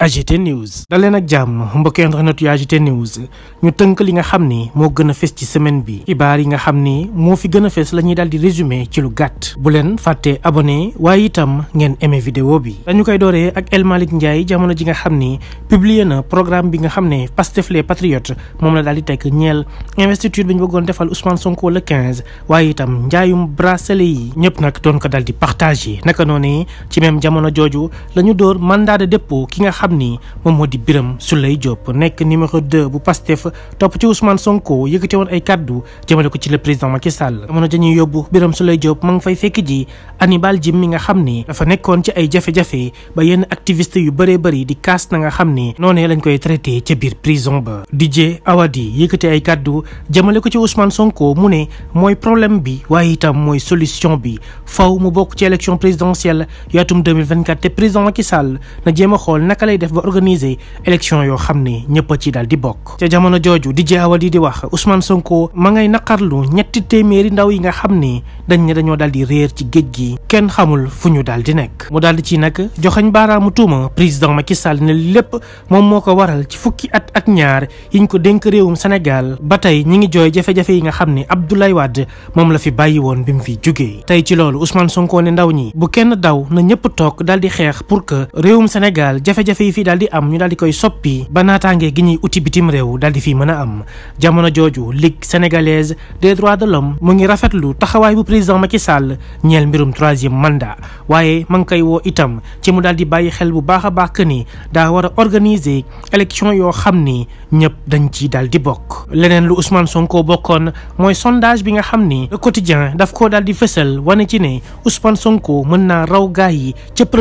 AGT News daleen ak jàmm mbokk internet yu AGT News ñu tënk li nga xam ni moo gën a fes ci semaine bi xibaar yi nga xam ni moo fi gën a fes la ñuy daal di résumé ci lu gàtt bu leen fàtte abonné waaye itam ngeen aimé vidéo bi dañu koy dooree ak El Malick Ndiaye jamono ji nga xam ni publié na programme bi nga xam ne Pastef les Patriotes moom la daal di tekk ñeel investiture bi ñu bëggoon defal Ousmane Sonko le 15 waaye itam njaayum bracelet yi ñëpp nag doon ko daal di partagé naka noonu ci même jamono jooju la ñu door mandat de dépôt ki nga xam xam ni moom moo di Birame Souleye nekk numéro 2 bu Pastef topp ci Ousmane Sonko yëkkate woon ay kàddu jëmale ko ci le président Macky Sall jamono dañuy yóbbu Birame Souleye Diop ma ngi fay fekk ji Hannibal Djim ba di kaas na nga xam ni noonee lañ koy traité ca biir prison ba DJ Awadi yëkkate ay kàddu jëmale ko ci Ousmane Sonko mu ne mooy problème bi waaye itam mooy solution bi faw mu bokk ci élection présidentielle yaatum 2024 a xool naka lay def ba organiser élection yoo xam ne ñëpp a ci daal di bokk ca jamono jooju di DJ Awadi di wax Ousmane Sonko ma ngay naqarlu ñetti téeméeri ndaw yi nga xam ne dañ ne dañoo daal di réer ci géej gi kenn xamul fu ñu daal di nekk mu daal di ci nag joxañ baaraamu tuuma président Macky Sall ne lépp moom moo ko waral ci fukki at ak ñaar yiñ ko dénk réewum Sénégal ba tey ñi ngi jooy jafe-jafe yi nga xam ne Abdoulaye Wade moom la fi bàyyi woon bi mu fi jógee tey ci loolu Ousmane Sonko ne ndaw ñi bu kenn daw na ñëpp toog daal di xeex pour que réewum Sénégal yi fii daal di am ñu daal di koy soppi ba naataange gi ñuy uti bitim réew daal di fii mën a am jamono jooju ligue sénégalaise des droits de l'homme mu ngi rafetlu taxawaay bu président Macky Sall ñeel mbirum troisième mandat waaye ma ngi koy woo itam ci mu daal di bàyyi xel bu baax a baax que ni daa war a organiser élection yoo xam ni ñëpp dañ ci daal di bokk leneen lu Ousmane Sonko bokkoon mooy sondage bi nga xam ni le quotidien daf ko daal di fësal wane ci ne Ousmane Sonko mën naa raw gaay yi ca bu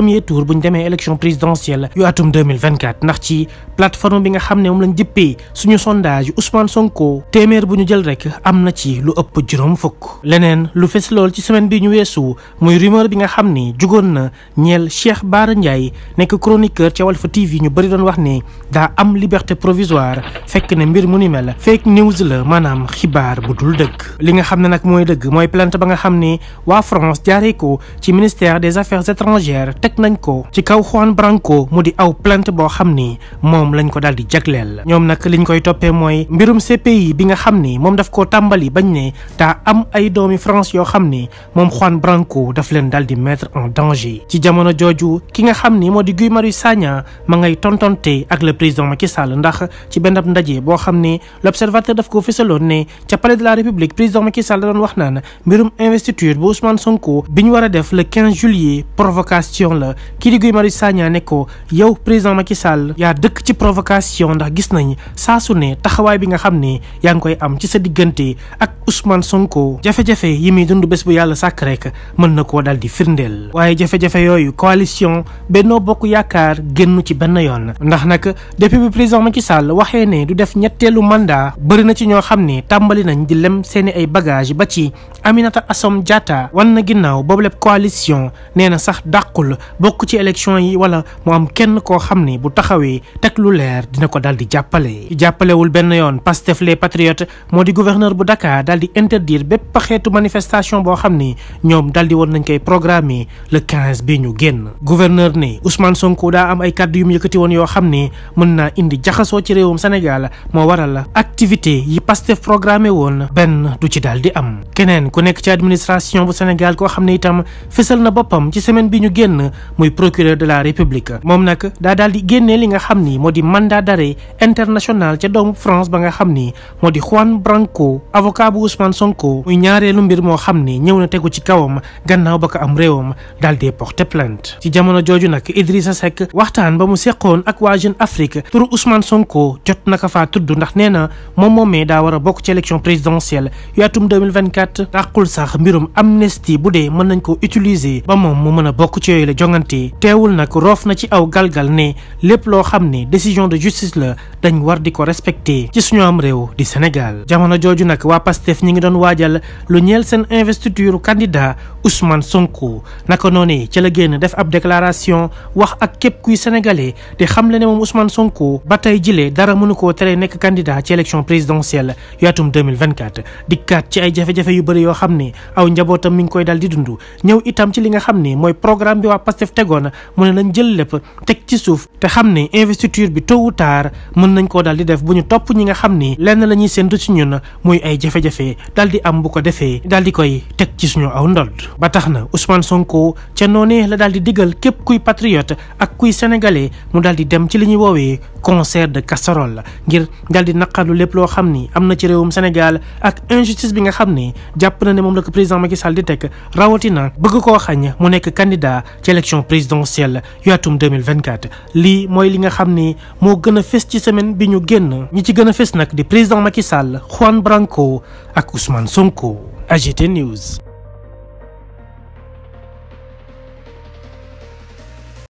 ñu 2024 ndax ci plateforme bi nga xam ne moom lañ jëppee suñu sondage Ousmane Sonko téeméer bu ñu jël rek am na ci lu ëpp juróom fukk leneen lu fes lool ci semaine bi ñu weesu muy rumeur bi nga xam ne jugoon na ñeel Cheikh Bara Ndiaye nekk chroniqueur ca Walf TV ñu bëri doon wax ne daa am liberté provisoire fekk ne mbir mu ni mel fake news la maanaam xibaar bu dul dëgg li nga xam ne nag mooy dëgg mooy plante ba nga xam ne waa France jaaree ko ci ministère des affaires étrangères teg nañ ko plainte boo xam ni moom lañ ko daal di jagleel ñoom nag liñ koy toppee mooy mbirum CPI bi nga xam ni moom daf koo tàmbali bañ ne daa am ay doomi France yoo xam ni moom Juan Branco daf leen daal di mettre en danger ci jamono jooju ki nga xam ni moo di Guy Marius Sagna ma ngay tontonte ak le président Macky Sall ndax ci benn ab ndaje boo xam ni l'observateur daf ko fësaloon ne ca palais de la République président Macky Sall da wax naan mbirum investiture ñu war def le 15 juillet provocation la kii di ne président Macky Sall yaa dëkk ci provocation ndax gis nañ saa bi nga xam ne yaa ngi koy am ci sa diggante ak Ousmane Sonko jafe-jafe yi muy dund bés bu yàlla sàkk rek mën na koo dal di firndeel waaye jafe-jafe yooyu coalition Benno Bokk Yaakaar génn ci benn yoon ndax nag depuis bi président Macky Sall waxee ne du def ñetteelu mandat bëri na ci ñoo xam ne tàmbali nañ di lem seeni ay bagage ba ci Aminata Assome Diatta wan na ginnaaw boobu lépp coalition nee sax dàqul bokk ci élection yi wala mu am kenn koo koo xam ni bu taxawee teg lu leer dina ko daal di jàppale. jàppalewul benn yoon Pastef les patriotes moo di gouverneur bu Dakar daal di interdire bépp xeetu manifestation boo xam ni ñoom daal di woon nañ koy programmer le 15 bi ñu génn. gouverneur ni Ousmane Sonko daa am ay kadd yu mu yëkkati woon yoo xam ni mën naa indi jaxasoo ci réewum Sénégal moo waral activité yi Pastef programmé woon benn du ci daal di am. keneen ku nekk ci administration bu Sénégal koo xam ne itam fësal na boppam ci semaine bi ñu génn muy procureur de la république daa daal di génnee li nga xam ni moo di mandat d'arrêt international ca doomu France ba nga xam ni moo di Juan Branco avocat bu Ousmane Sonko muy ñaareelu mbir moo xam ni ñëw na tegu ci kawam gannaaw ba ko am réewam daal di porter plainte ci jamono jooju nag Idrissa Seck waxtaan ba mu seqoon ak waa Jeune Afrique turu Ousmane Sonko jot na ko faa tudd ndax nee na moom moomee daa war a bokk ci élection présidentielle yu atum 2024 dàqul sax mbirum amnistie bu dee mën nañ ko utiliser ba moom mu mën a bokk ci yooyu la jongante teewul nag roof na ci aw galgal ne lépp loo xam ni décision de justice la dañ war di ko respecté ci suñu am réew di Sénégal jamono jooju nag waa PASTEF ñi ngi doon waajal lu ñeel seen investiture candidat Ousmane Sonko naka noonu ca la génn def ab déclaration wax ak képp kuy sénégalais te xam le ne moom Ousmane Sonko ba tey jilee dara mënu koo tere nekk candidat ci élection présidentielle yu atum 2024 dikkaat ci ay jafe-jafe yu bëri yoo xam ne aw njabootam mi ngi koy dal di dund ñëw itam suuf te xam ne investiture bi tôt ou tard mën nañ koo daal di def bu ñu topp ñi nga xam ni lenn la ñuy séntu ci ñun muy ay jafe-jafe daal di am bu ko defee daal di koy teg ci suñu aw ndold ba tax na Ousmane Sonko ca noonee la daal di digal képp kuy patriote ak kuy sénégalais mu daal di dem ci li ñuy woowee concert de casserole la ngir dal di naqarlu lépp loo xam ni am na ci réewum Sénégal ak injustice bi nga xam ni jàpp na ne moom la ko président Macky Sall di teg rawatina bëgg koo xañ mu nekk candidat ci élection présidentielle yu atum 2024 lii mooy li nga xam ni moo gën a fës ci semaine bi ñu génn ñi ci gën a fës nag di président Macky Sall Juan Branco ak Ousmane Sonko AGT News